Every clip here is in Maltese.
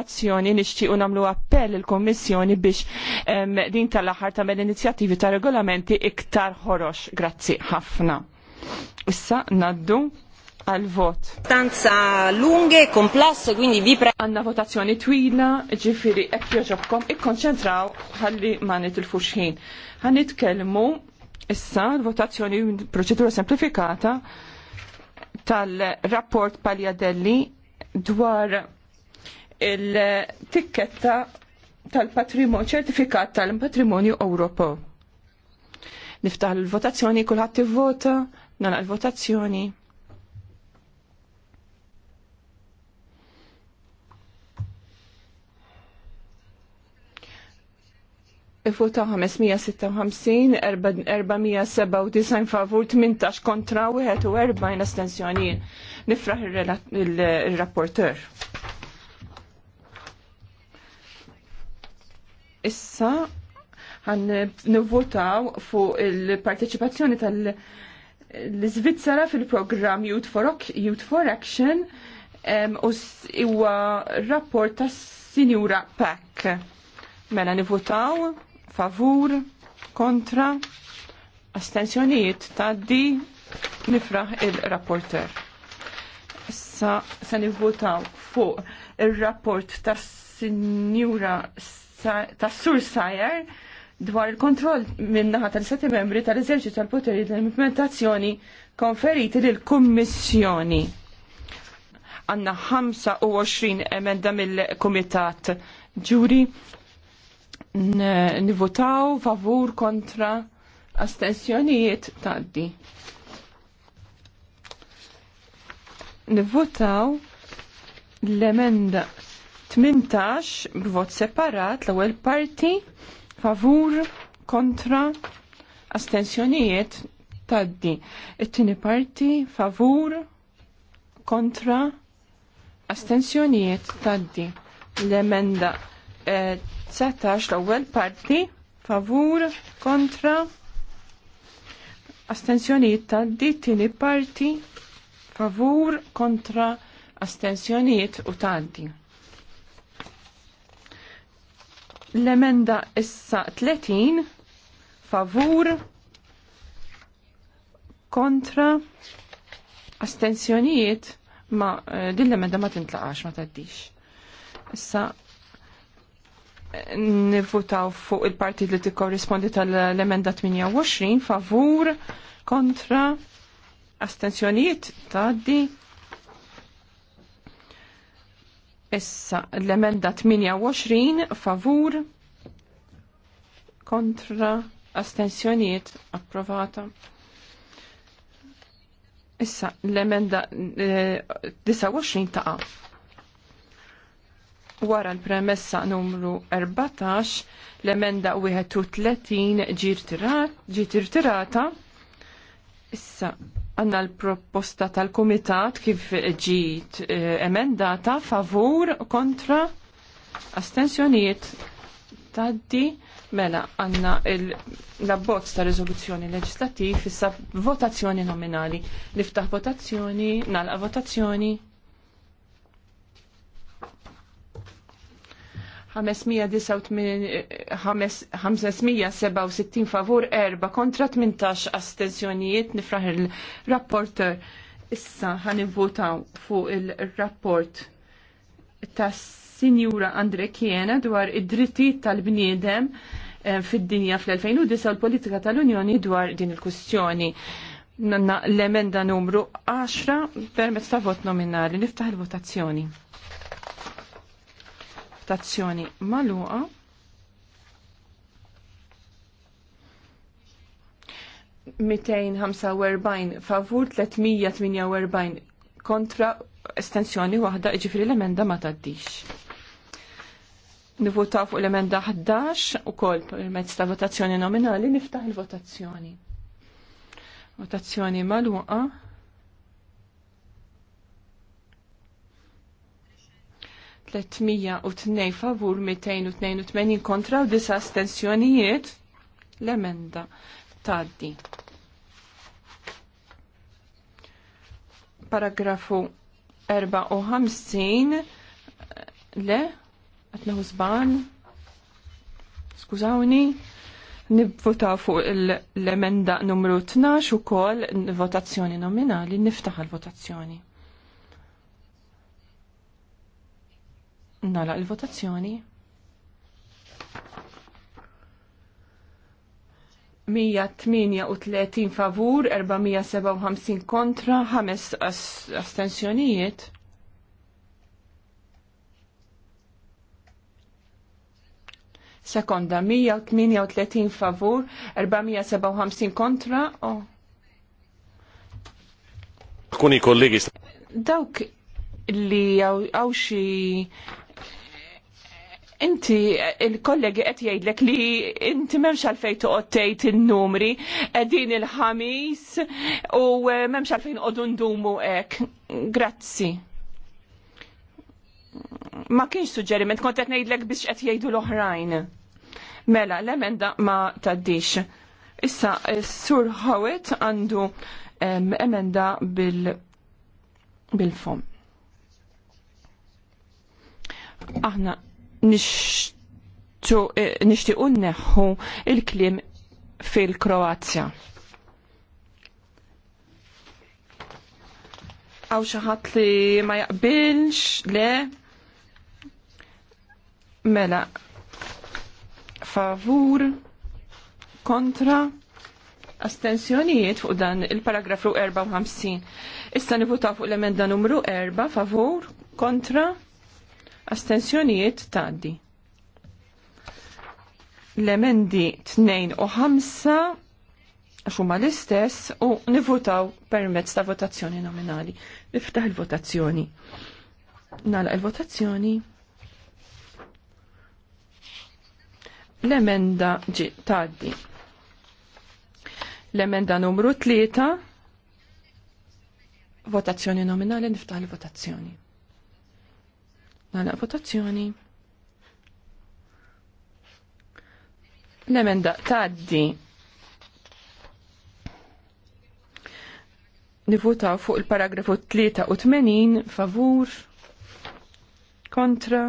azzjoni nixtiequ nagħmlu appell il-Kommissjoni biex um, din tal-aħħar tagħmel inizjattivi ta' regolamenti iktar ħorox. Grazzi ħafna. Issa naddu għal vot. Stanza lunghe, complesse, quindi vi prego. Anna votazzjoni twila, ġifiri, ek joġobkom, ikkonċentraw ħalli ma fuxħin Għanit kelmu, issa l-votazzjoni proċedura semplifikata tal-rapport Paljadelli dwar il-tikketta tal-patrimonju, ċertifikat tal-patrimonju Ewropo. Niftaħ l-votazzjoni, kulħadd vota nagħlaq l-votazzjoni. Il-vota 556, 497 favur, 18 kontra, 41 astensjoni. Nifraħ il-rapporter. Issa għan nivvotaw fuq il-parteċipazzjoni tal-Svizzera fil-programm Youth for, Youth for Action u s-iwa rapport tas Sinjura Pack. Mela nivvotaw favur, kontra, astensjonijiet di nifraħ il-rapporter. Issa se nivvotaw fuq il-rapport tas Sinjura tas-sur sajer dwar il-kontroll minnaħa tal seti membri tal-eżerċizzju tal-poteri tal-implementazzjoni konferiti lill-Kummissjoni. Għanna 25 emenda mill-Kumitat ġuri nivotaw favur kontra astensjonijiet taddi. Nivvotaw l-emenda 18 b'vot separat l-ewwel parti favur kontra astensjonijiet taddi. It-tieni parti favur kontra astensjonijiet taddi. L-emenda eh, l-ewwel parti favur kontra astensjonijiet taddi. Tieni parti favur kontra astensjonijiet u taddi L-emenda issa 30 favur kontra astensjonijiet ma eh, din l-emenda ma tintlaqax ma taddix. Issa nivvutaw fuq il-partit li tikkorrispondi tal-emenda 28 favur kontra astensjonijiet taddi Issa l-emenda 28 favur kontra astensjoniet approvata. Issa l-emenda 29 eh, taqa. Wara l-premessa numru 14 l-emenda 31 ġirtirata. tirata. Issa għanna l-proposta tal-komitat kif ġiet eh, emendata favur kontra astensjonijiet taddi mela għanna l-abbozz ta' rezoluzzjoni leġislativ issa votazzjoni nominali. Niftaħ votazzjoni, nalqa votazzjoni. 567 favur erba kontra 18 astenzjonijiet nifraħ il-rapporter. Issa ħanivvotaw fuq il-rapport ta' Sinjura Andre Kiena dwar id-drittijiet tal-bniedem eh, fid-dinja fl-2009 u l-politika tal-Unjoni dwar din il-kustjoni. L-emenda numru 10 permezz ta' vot nominali. Niftaħ il-votazzjoni votazzjoni maluqa. Mitejn 245 favur, 348 kontra estensjoni waħda iġifri l-emenda ma taddix. Nivotaw fuq l-emenda 11 u kol permezz ta' votazzjoni nominali niftaħ il-votazzjoni. Votazzjoni maluqa. 302 favur 282 kontra u disa astensjonijiet l-emenda taddi. Paragrafu 54 le għatneħu zban skużawni nivvotaw fuq l-emenda numru 12 u kol votazzjoni nominali niftaħ l-votazzjoni. Nala il-votazzjoni. Mija 138 favur, 457 kontra, ħames astensjonijiet. Sekonda, 138 favur, 457 kontra. o? Kuni kollegi. Dawk li għaw xie inti il-kollegi qed jgħidlek li inti m'hemmx għalfejn toqgħod tgħid in-numri qegħdin il-ħamis u m'hemmx għalfejn qogħdu ndumu hekk. Grazzi. Ma kienx suġġeriment kont qed ngħidlek biex qed jgħidu l-oħrajn. Mela, l-emenda ma taddix. Issa, Sur Hawet għandu emenda bil bil-fom. Aħna Eh, nixtiequ neħħu il-kliem fil-Kroazja. Għaw xaħat li ma jaqbilx le mela favur kontra astensjonijiet fuq dan il-paragrafu 54. Issa nivuta fuq l-emenda numru 4 favur kontra astensjonijiet taddi. L-emendi 2 u 5 ma l-istess u nivutaw permezz ta' votazzjoni nominali. Niftaħ il-votazzjoni. Nala il-votazzjoni. L-emenda ġi taddi. L-emenda numru 3 votazzjoni nominali niftaħ il-votazzjoni. Nagħlaq votazzjoni. L-emenda tgħaddi nivutaw fuq il-paragrafu 83 favur kontra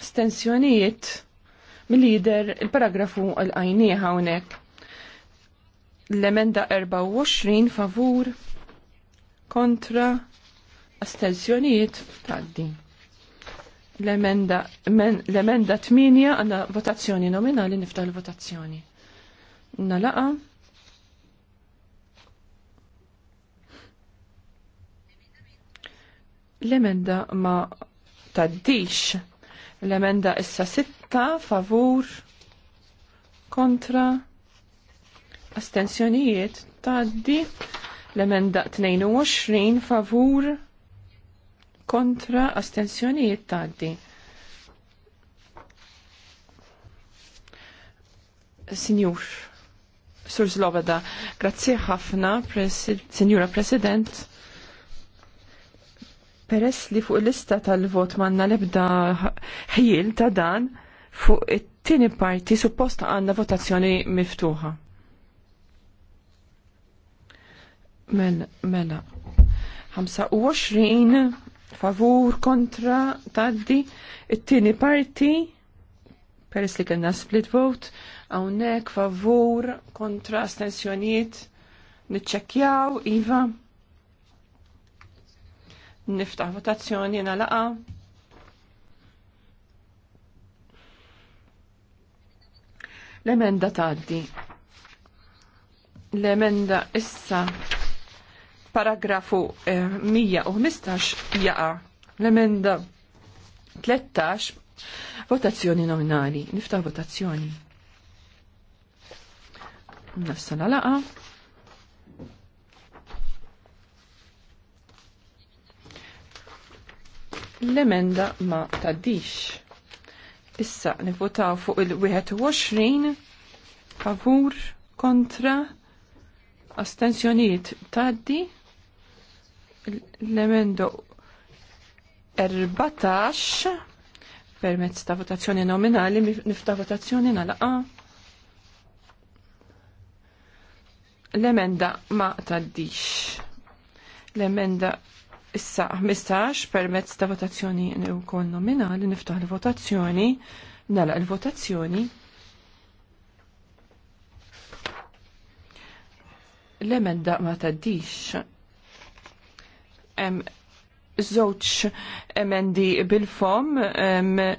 astensjonijiet mill-lider il-paragrafu l-għajni hawnhekk. L-emenda 24 favur kontra astenzjonijiet taddi. L-emenda 8 għanna votazzjoni nominali niftaħ l-votazzjoni. Nalaqa. L-emenda ma taddix. L-emenda issa sitta favur kontra astenzjonijiet taddi. L-emenda 22 favur kontra astensjonijiet taddi. Signor, Sur Zlobeda, grazie ħafna, presi, Signora President, peress li fuq lista tal-vot manna lebda ħjil ta' dan fuq it-tieni parti supposta għandna votazzjoni miftuħa. Mela, mela. 25 favur kontra taddi it-tieni parti peress li kellna split vote hawnhekk favur kontra astensjonijiet niċċekkjaw iva niftaħ votazzjoni nalaqa l-emenda taddi l-emenda issa Paragrafu 115 eh, jaqa. L-emenda 13 votazzjoni nominali. Niftaħ votazzjoni. Nassal la laqa. L-emenda ma taddix. Issa nivotaw fuq il-21 favur kontra astensjoniet taddi l-emendo 14 permezz ta' votazzjoni nominali nifta votazzjoni nalaqa. L-emenda ma taddix. L-emenda issa 15 permezz ta' votazzjoni wkoll nominali niftaħ il-votazzjoni nalaqa l votazzjoni L-emenda ma taddix Zoċ emendi bil-fom,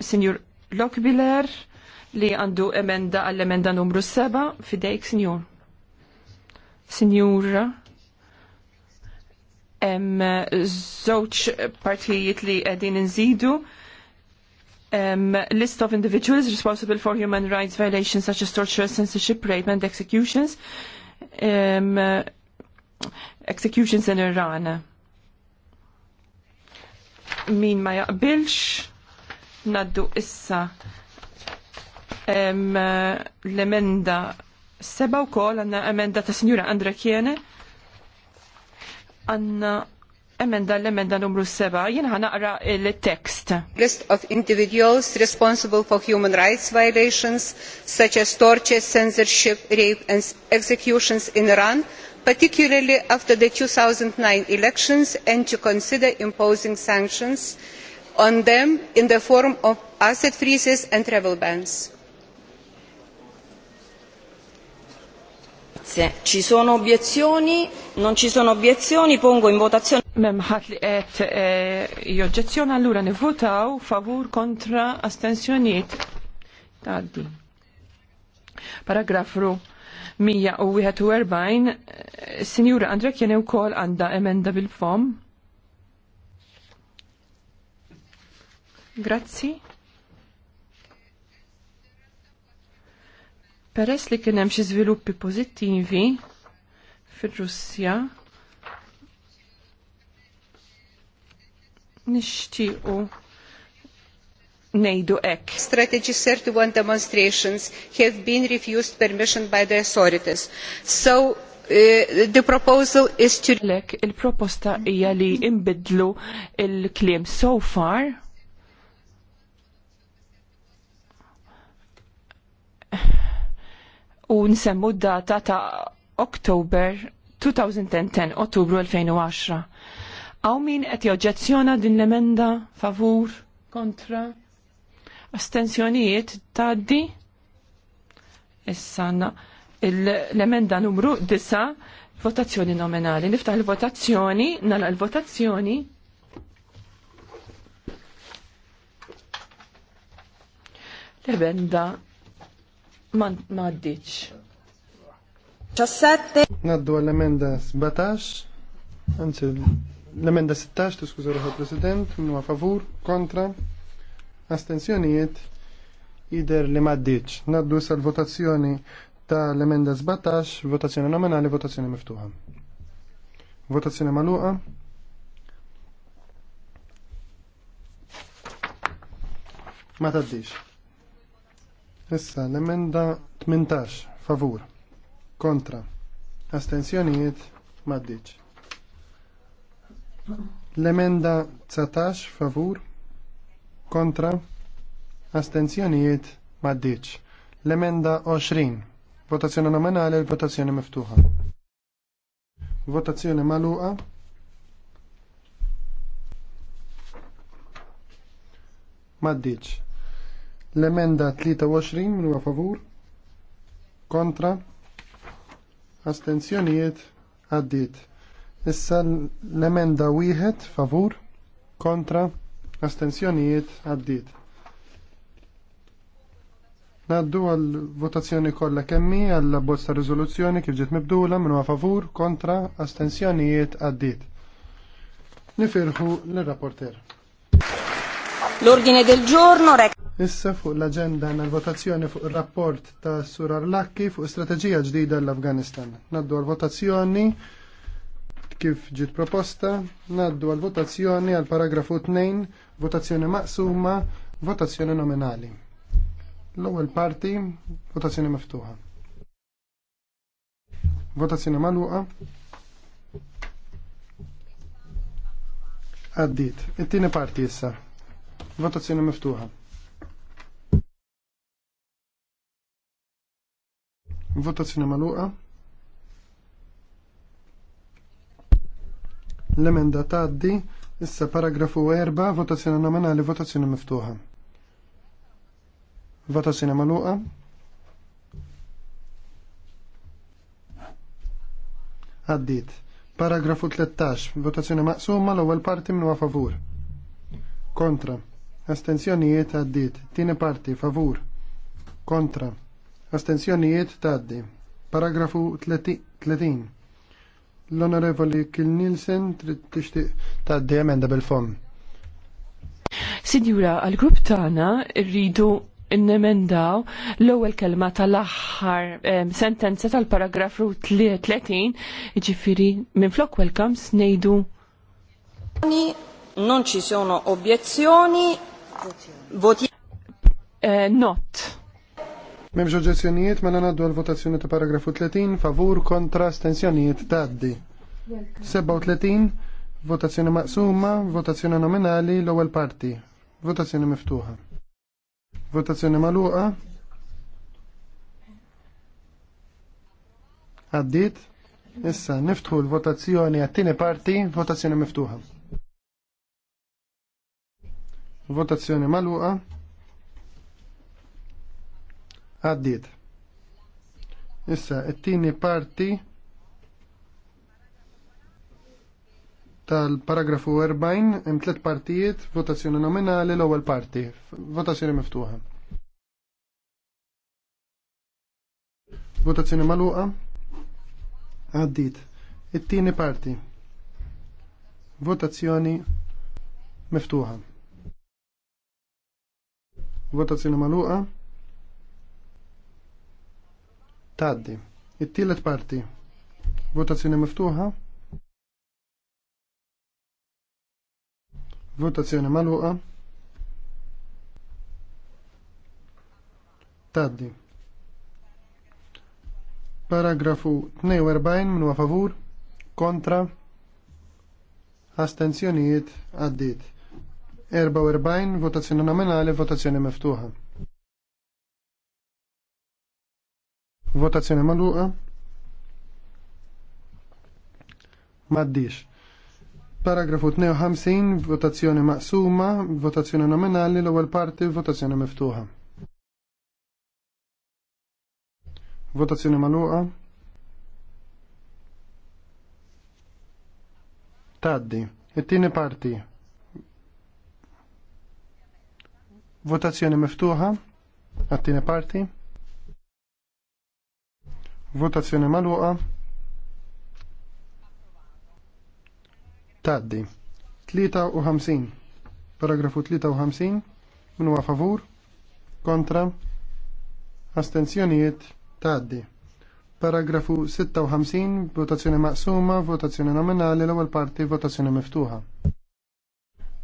Signor Lokbiler, li għandu emenda għall-emenda numru 7, fidejk, Signor. Signor, em, zoċ partijiet li għedin nżidu, um, list of individuals responsible for human rights violations such as torture, censorship, rape and executions, um, uh, executions in Iran min ma jaqbilx naddu issa l-emenda seba u kol għanna emenda ta' signora Andra Kiene għanna emenda l-emenda numru seba jien ħanaqra il-tekst. List of individuals responsible for human rights violations such as torture, censorship, rape and executions in Iran particularly after the two thousand and nine elections and to consider imposing sanctions on them in the form of asset freezes and travel bans. Ci sono obiezioni? Non ci sono obiezioni, pongo in votazione. li qed eh, joġġezzjoni allura favur kontra astensjonijiet. Paragrafru 141, Sinjura Andre kien ukoll għandha emenda bil-fom. Grazzi. Peress li hemm xi żviluppi pożittivi fir-Russja, nixtiequ ngħidu hekk. Strategy 31 demonstrations have been refused permission by the authorities. So Uh, the proposal is to lek il-proposta hija li imbidlu il-kliem so far u nsemmu data ta' Oktober 2010, Ottubru 2010. Aw min qed joġġezzjona din l-emenda favur kontra? Astenzjonijiet taddi. Issa l-emenda numru 9 votazzjoni nominali. Niftaħ il-votazzjoni, nara l votazzjoni L-emenda ma' ddiċ. 17. Naddu għall-emenda 17, anzi l-emenda 16, tiskuża ruħu President, minnu favur, kontra, Astenzjonijiet jider li maddiċ. Naddu sal-votazzjoni ta' l-emenda 17, votazzjoni nominali, votazzjoni miftuħa. Votazzjoni maluqa. Ma taddiċ. Issa l-emenda 18, favur. Kontra. Astenzjonijiet maddiċ. L-emenda 19, favur kontra, astenzjonijiet maddiċ. L-emenda 20, votazzjoni nominali, votazzjoni miftuħa. Votazzjoni maluqa. Maddiċ. L-emenda 23 minu favur, kontra, astenzjonijiet għaddit. Issa l-emenda wieħed favur, kontra, Astenzjonijiet għaddiet. Naddu għal votazzjoni kollha kemmi għal bozza riżoluzzjoni kif ġiet mibdula minnu favur kontra astenzjonijiet għaddit. Nifirħu l-rapporter. L-ordine del giorno rek. Issa fuq l-agenda għal votazzjoni fuq il-rapport ta' Surar Lakki fuq strategija ġdida l-Afganistan. Naddu għal votazzjoni kif ġiet proposta, naddu għal votazzjoni għal paragrafu 2, votazzjoni maqsuma, votazzjoni nominali. L-ewwel parti, votazzjoni miftuħa. Votazzjoni magħluqa. Għaddit. It-tieni parti issa. Votazzjoni miftuħa. Votazzjoni magħluqa. L-emenda taddi, issa paragrafu 4, votazzjoni nominali, votazzjoni miftuħa. Votazzjoni maluqa. Għaddit. Paragrafu 13, votazzjoni maqsuma l-ewwel parti minnu favur. Kontra. Astenzjonijiet għaddit. Tieni parti favur. Kontra. Astenzjonijiet taddi. Paragrafu 30. L-Onorevoli Kil Nielsen trid tixtieq tgħaddi emenda bil-fom. Sinjura, għal-grupp tagħna rridu n-nemendaw l-ewwel kelma tal-aħħar sentenza tal-paragrafu 30 ġifiri minn flok welcomes nejdu. Non ci sono obiezioni. Voti. Eh, not. Memx oġezzjonijiet mela ngħaddu għal votazzjoni ta' paragrafu 30 favur kontra stensjonijiet taddi. 37 votazzjoni maqsuma, votazzjoni nominali l-ewwel parti, votazzjoni miftuħa. Votazzjoni magħluqa. Għaddit. Issa niftħu l-votazzjoni għat-tieni parti, votazzjoni miftuħa. Votazzjoni magħluqa għaddit. Issa, it-tieni parti tal-paragrafu 40 hemm tliet partijiet, votazzjoni nominali l-ewwel parti, votazzjoni miftuħa. Votazzjoni magħluqa. Għaddit. It-tieni parti. Votazzjoni miftuħa. Votazzjoni magħluqa. Taddi. It-tielet parti. Votazzjoni miftuħa. Votazzjoni magħluqa. Taddi. Paragrafu 42 minu favur, kontra, astenzjonijiet, għaddit. 44 votazzjoni nominali, votazzjoni miftuħa. Votazzjoni magħluqa. Maddix. Paragrafu 52, votazzjoni maqsuma, votazzjoni nominali, l-ewwel parti, votazzjoni miftuħa. Votazzjoni magħluqa. Taddi. It-tieni parti. Votazzjoni miftuħa. Għattini tieni parti. Votazzjoni maluqa. Taddi. 53. Paragrafu 53. Minu a favur. Kontra. Astenzjonijiet. Taddi. Paragrafu 56. Votazzjoni maqsuma. Votazzjoni nominali. L-ewwel parti. Votazzjoni miftuħa.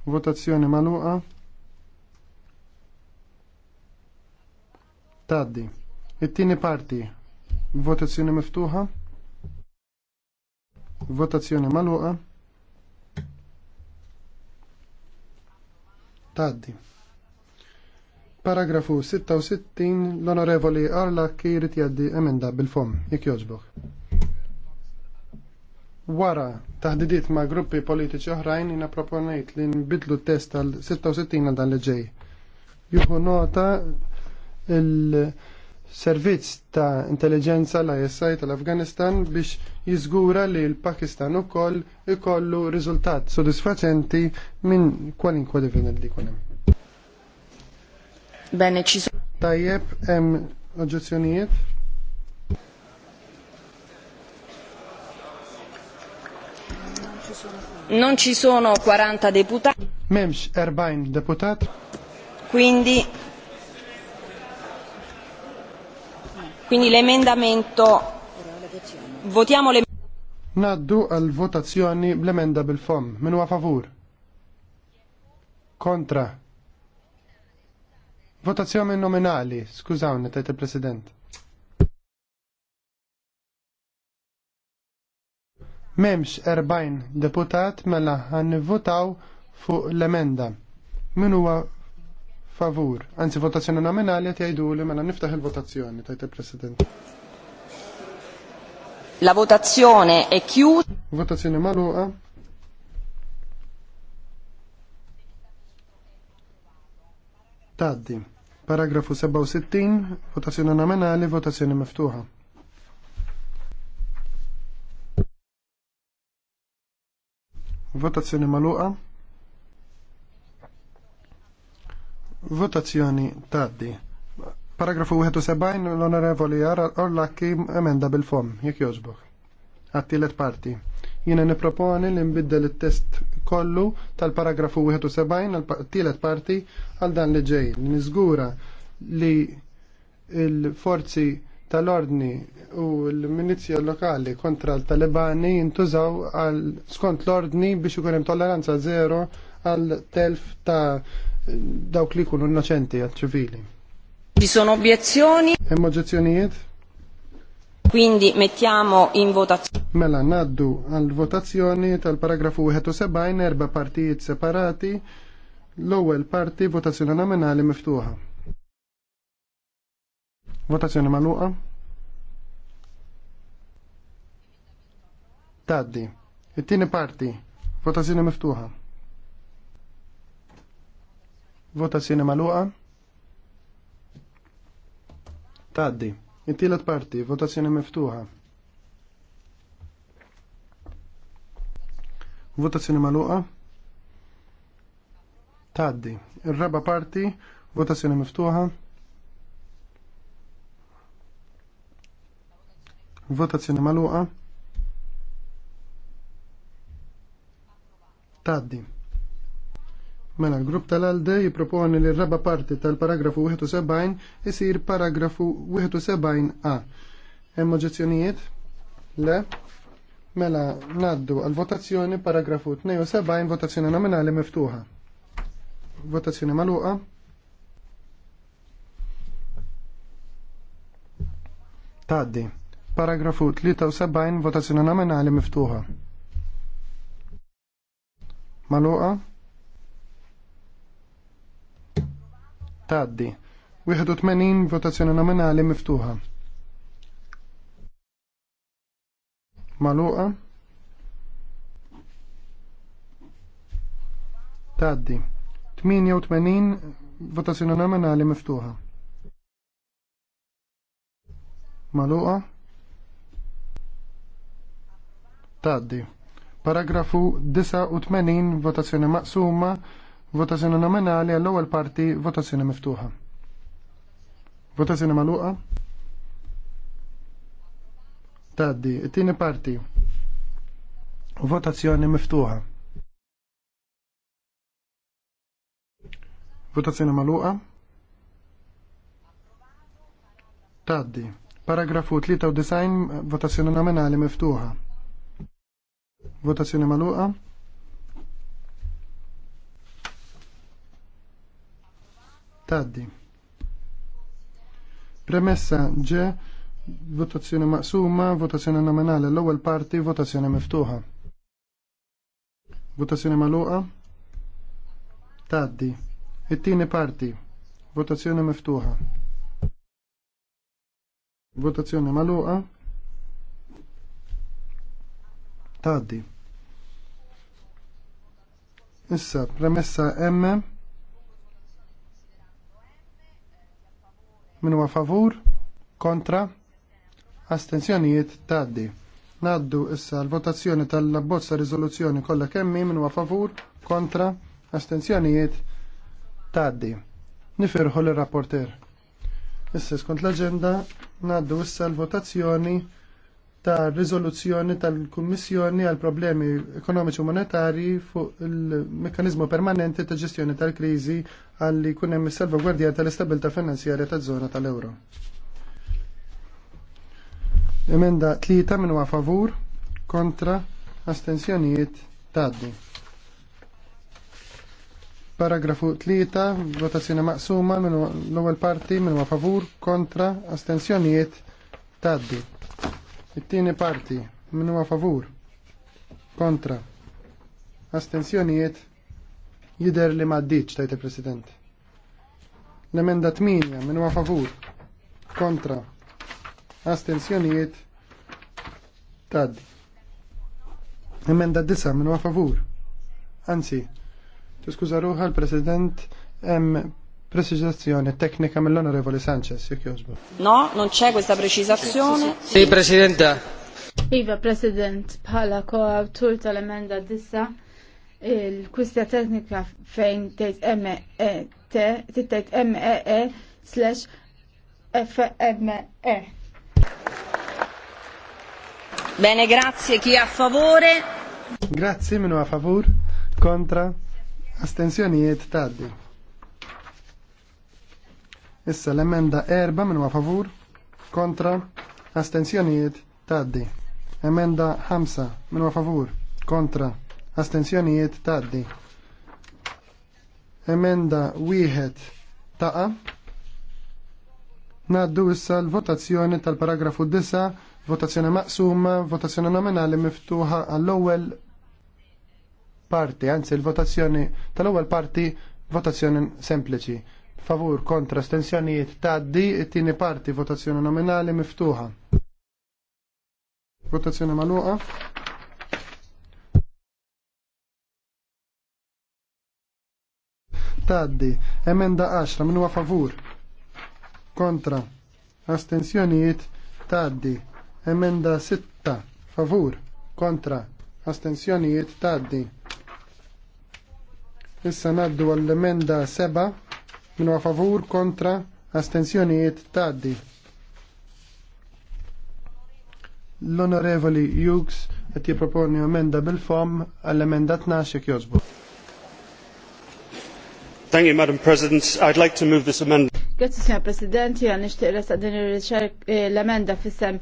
Votazzjoni maluqa. Taddi. It-tieni parti Votazzjoni miftuħa. Votazzjoni maluqa. Taddi. Paragrafu 66 l-onorevoli Arla kirit jaddi emenda bil-fom, jek joġbok. Wara taħdidiet ma' gruppi politiċi oħrajn jina proponejt li nbidlu test tal-66 għal dan li ġej. Juhu nota il- servizz ta' intelligenza l ISI tal-Afganistan biex jizgura li l-Pakistan u koll ikollu rizultat sodisfaċenti minn kwalinkwa dividend li kunem. Bene, ci sono. Tajjeb, hemm oġezzjonijiet? Non ci sono 40 deputati. Memx 40 deputati. Quindi Quindi l'emendamento... Votiamo le... Naddu għal votazzjoni bl-emenda bil-fom. Minu a favur? Kontra. Votazzjoni nominali. Skużawni, tajt il-President. Memx 40 deputat mela għan votaw fuq l-emenda. Minu favur. Anzi, votazzjoni nominali għet jajdu li mela niftaħ il-votazzjoni, tajt il-President. La votazione è chiusa. Votazzjoni maluqa. Taddi. Paragrafu 67, votazzjoni nominali, votazzjoni miftuħa. Votazzjoni maluqa. Votazzjoni taddi. Paragrafu 71 l-onorevoli Jara Orlakki emenda bil-fom, jek jozbuk. Għattilet parti. Jiena niproponi li nbiddel it-test kollu tal-paragrafu 71 għal-tielet parti għal dan li ġej. Niżgura li l-forzi tal-ordni u l-minizja lokali kontra l-Talebani jintużaw għal skont l-ordni biex ikun hemm tolleranza zero għal telf ta' dawk li jkunu innoċenti għal ċivili. Ci sono obiezioni? Hemm oġġezzjonijiet? Quindi mettiamo in votazione. Mela naddu għal votazzjoni tal-paragrafu 71 erba' partijiet separati l-ewwel parti votazzjoni nominali miftuħa. Votazzjoni magħluqa. Taddi. It-tieni parti votazzjoni miftuħa. Votazzjoni maluqa. Taddi. It-tielet parti, votazzjoni miftuħa. Votazzjoni maluqa. Taddi. Ir-raba parti, votazzjoni miftuħa. Votazzjoni maluqa. Taddi. Mela, l-grupp tal-ALDE jiproponi li r-raba parti tal-paragrafu 71 isir paragrafu 71a. Hemm oġezzjonijiet? Le? Mela, naddu għal-votazzjoni paragrafu 72 votazzjoni nominali miftuħa. Votazzjoni maluqa. Taddi. Paragrafu 73 votazzjoni nominali miftuħa. Maluqa. taddi. 81 votazzjoni nominali miftuħa. Maluqa. Taddi. 88 votazzjoni nominali miftuħa. Maluqa. Taddi. Paragrafu 89 votazzjoni maqsuma Votazzjoni nominali għall-ewwel parti, votazzjoni miftuħa. Votazzjoni magħluqa. Taddi, it-tieni parti. Votazzjoni miftuħa. Votazzjoni magħluqa. Taddi. Paragrafu 93 votazzjoni nominali miftuħa. Votazzjoni magħluqa. taddi. Premessa G. votazzjoni maqsuma, votazzjoni nominali l-ewwel parti, votazzjoni miftuħa. Votazzjoni magħluqa. Taddi. It-tieni parti. Votazzjoni miftuħa. Votazzjoni magħluqa. Taddi. Issa, premessa M, Min huwa favur? Kontra? Astenzjonijiet taddi. Naddu issa l-votazzjoni tal bozza riżoluzzjoni kollha kemmi min huwa favur? Kontra? Astenzjonijiet taddi. Nifirħu l-rapporter. Issa skont l-aġenda naddu issa l-votazzjoni ta' rizoluzzjoni tal-Kummissjoni għal problemi ekonomiċi u monetari fuq il-mekkanizmu permanenti ta' ġestjoni tal-krizi għalli kun hemm salvagwardja tal-istabilta finanzjarja taż-żona tal-euro. Emenda tlieta minn huwa favur, kontra, astensjonijiet tgħaddi. Paragrafu tlieta, votazzjoni maqsuma minn l-ewwel parti minn huwa favur, kontra, astensjonijiet tgħaddi It-tieni parti min huwa favur kontra astensjonijiet jider li maddiċ tajt il-President. L-emenda tminja minn huwa favur kontra astensjonijiet tad. Emenda disa min huwa favur. Anzi, tiskuża ruħa l-President hemm precisazione tecnica mellonorevole Sanchez, jek No, non c'è questa precisazione. Sì, Presidente. Iva, President, bħala koautur tal-emenda dissa, il-kwistja tecnica fejn tejt m e tejt M-E-E e slash F-M-E. Bene, grazie. Chi è a favore? Grazie, meno a favore. Contra? astensioni e taddi. Issa l-emenda erba minn favur kontra astenzjonijiet taddi. Emenda 5 minn favur kontra astenzjonijiet taddi. Emenda wieħed taqa. Naddu issa l-votazzjoni tal-paragrafu 9, votazzjoni maqsuma, votazzjoni nominali miftuħa għall-ewwel parti, anzi l-votazzjoni tal-ewwel parti votazzjoni sempliċi favur kontra stensjonijiet taddi it-tieni parti votazzjoni nominali miftuħa. Votazzjoni magħluqa. Taddi emenda 10 minn huwa favur kontra astensjonijiet taddi emenda 6 favur kontra astensjonijiet taddi. Issa naddu għall-emenda 7 Minu favur kontra astensjonijiet taddi. L-Onorevoli Hughes qed jipproponi emenda bil-fom għall-emenda 12 jekk jogħġbu. Thank you, Madam President. I'd like to move this amendment. Grazie, Signor President. Għan nishtiq l amenda fissem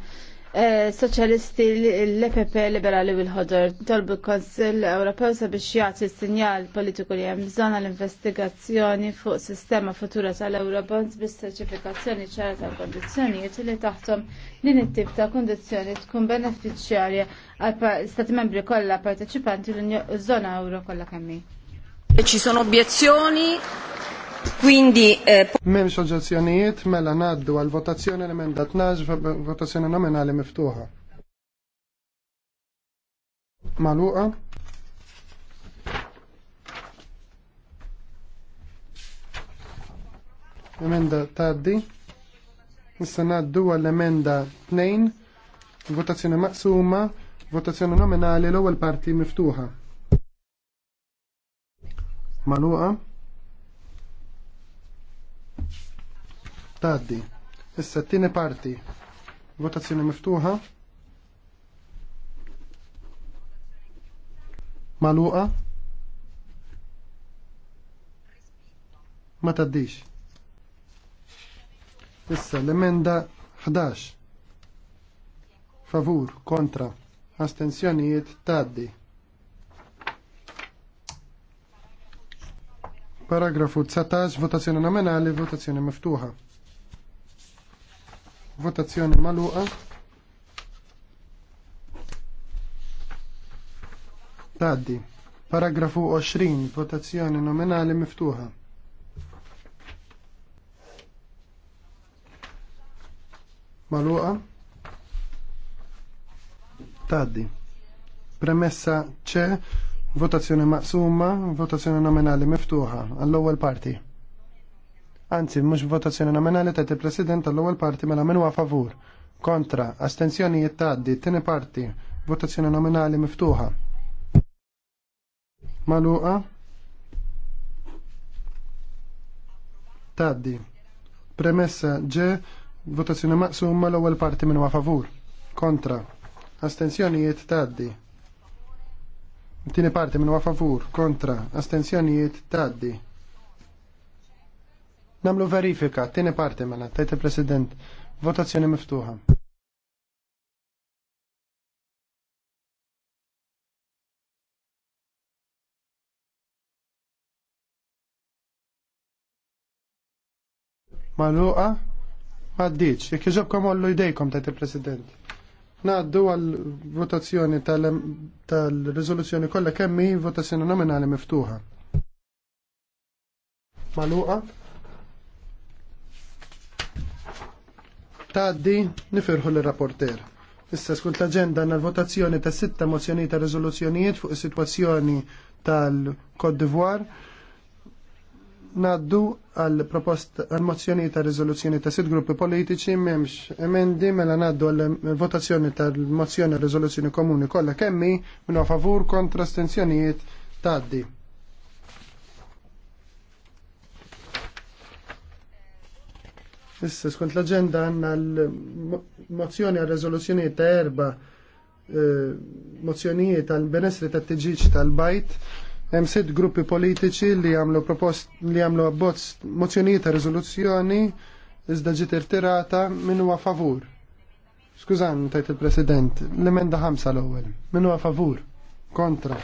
Eh, soċjalisti l-EPP Liberali u l-ħodor tolbu l-Konsil Ewropew sabiex jagħti sinjal politiku li hemm bżonn għall-investigazzjoni fuq sistema futura tal-Eurobonds bis certifikazzjoni ċara tal-kondizzjonijiet li taħtom li nittib ta' kondizzjoni tkun beneficjarja għal stati membri kollha parteċipanti l-żona euro kollha kemm Ci sono obiezioni? Quindi eh, Memx oġġezzjonijiet mela ngħaddu għal votazzjoni l-emenda naġ, votazzjoni nominali miftuħa. Maluqa. Emenda taddi. Nista ngħaddu għal emenda 2 votazzjoni maqsuma, votazzjoni nominali l-ewwel parti miftuħa. Maluqa. Taddi. Issa t-tieni parti. Votazzjoni miftuħa. Maluqa. Ma taddix. Issa l-emenda 11. Favur, kontra, astenzjonijiet taddi. Paragrafu 19, votazzjoni nominali, votazzjoni miftuħa. Votazzjoni maluqa. Taddi. Paragrafu 20. Votazzjoni nominali miftuħa. Maluqa. Taddi. Premessa C. Votazzjoni maqsuma, votazzjoni nominali miftuħa. All-ewwel parti. Anzi, mhux votazzjoni nominali ta' il-President tal-ewwel parti mela minu huwa favur. Kontra, astenzjonijiet tgħaddi, tieni parti, votazzjoni nominali miftuħa. Maluqa. Taddi. Premessa ġe votazzjoni maqsuma l-ewwel parti minu huwa favur. Kontra, astenzjonijiet tgħaddi. Tieni parti minu huwa favur, kontra, astenzjonijiet tgħaddi. Namlu verifika, tieni parti mela, tajt il-President. Votazzjoni miftuħa. Maluqa, maddiċ, jek jġobkom għollu idejkom tajt il-President. Naddu għal-votazzjoni tal-rizoluzzjoni kollha kemmi votazzjoni nominali miftuħa. Maluqa? Taddi, nifirħu l-rapporter. Issa skont l-agenda għanna l-votazzjoni ta' sitta mozzjoni ta' rezoluzzjonijiet fuq is-sitwazzjoni tal-Kod d'Ivoire. Naddu għal propost għal mozzjoni ta' rezoluzzjoni ta' sitt gruppi politiċi memx emendi mela naddu għal votazzjoni tal-mozzjoni rezoluzzjoni komuni kollha kemmi minna favur kontra stenzjonijiet taddi. Issa skont l-agenda għanna l-mozzjoni għal rezoluzzjonijiet ta' erba eh, mozzjonijiet għal benessri ta' t-tġiċ tal-bajt. Hemm sitt gruppi politiċi li għamlu propost li għamlu abbozz mozzjonijiet ta' rezoluzzjoni iżda ġiet irtirata minn huwa favur. Skużan, tajt il-President, l-emenda ħamsa l-ewwel. Min huwa favur? Kontra.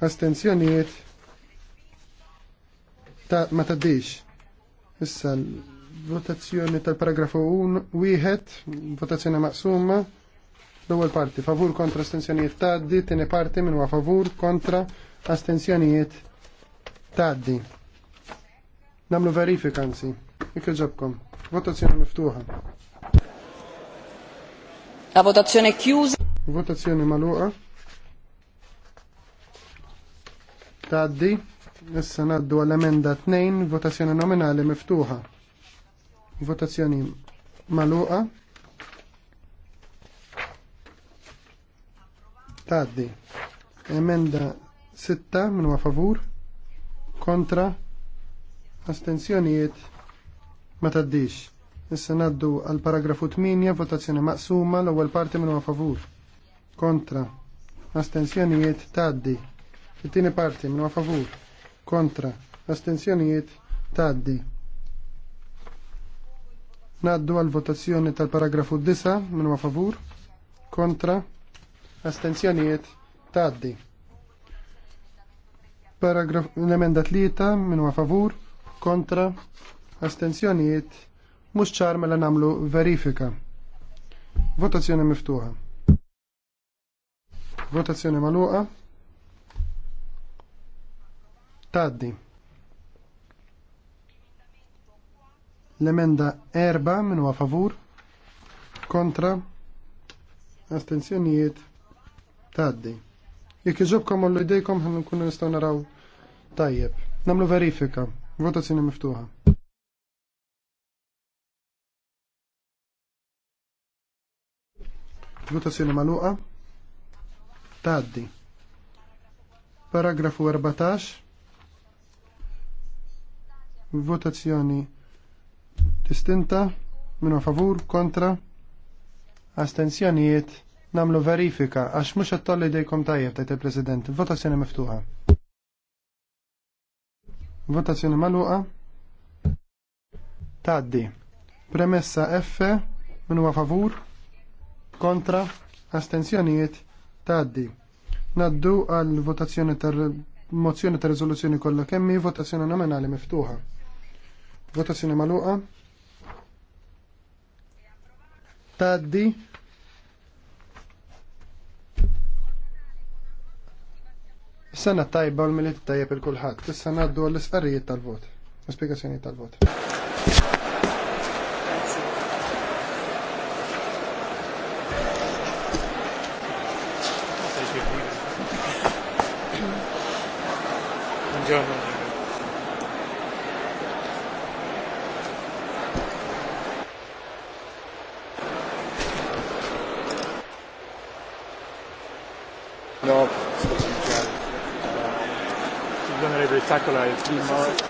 Astenzjonijiet ta' ma taddix. Issa votazzjoni tal-paragrafu 1, wieħed, votazzjoni maqsuma, l-ewwel parti favur kontra astensjonijiet taddi, tieni parti minn huwa favur kontra astensjonijiet taddi. Namlu verifika anzi. Ikka ġobkom. Votazzjoni miftuħa. La votazzjoni chiusa. Votazzjoni maluqa. Taddi. Issa naddu għall-emenda 2, votazzjoni nominali miftuħa. Votazzjoni maluqa. Taddi. Emenda 6 minn huwa favur. Kontra. Astenzjonijiet ma taddix. Issa naddu għal paragrafu 8 votazzjoni maqsuma l-ewwel parti minn huwa favur. Kontra. Astenzjonijiet taddi. It-tieni parti minn huwa favur. Kontra. Astenzjonijiet taddi. Naddu għal votazzjoni tal-paragrafu 9 minn favur, kontra, astenzjonijiet, taddi. Paragraf l-emenda 3 minn ma favur, kontra, astenzjonijiet, mux ċar mela namlu verifika. Votazzjoni miftuħa. Votazzjoni maluqa. Taddi. L-emenda erba minn huwa favur kontra astenzjonijiet taddi. Jek iġobkom l-idejkom ħan nkunu nistgħu naraw tajjeb. Namlu verifika. Votazzjoni miftuħa. Votazzjoni maluqa. Taddi. Paragrafu 14. Votazzjoni distinta minu favur kontra astenzjonijiet namlu verifika għax mux għattolli dejkom tajjeb tajt il-President. Votazzjoni miftuħa. Votazzjoni maluqa. Taddi. Premessa F minu favur kontra astenzjonijiet taddi. Naddu għal votazzjoni tar mozzjoni ta' rizoluzzjoni kollha kemmi votazzjoni nominali miftuħa. Votazzjoni maluqa. Taddi. Sena tajba u l-milit tajjeb il-kulħat. Issa naddu għall-isqarrijiet tal-vot. Spiegazzjoni tal-vot. Nikolaj Klima.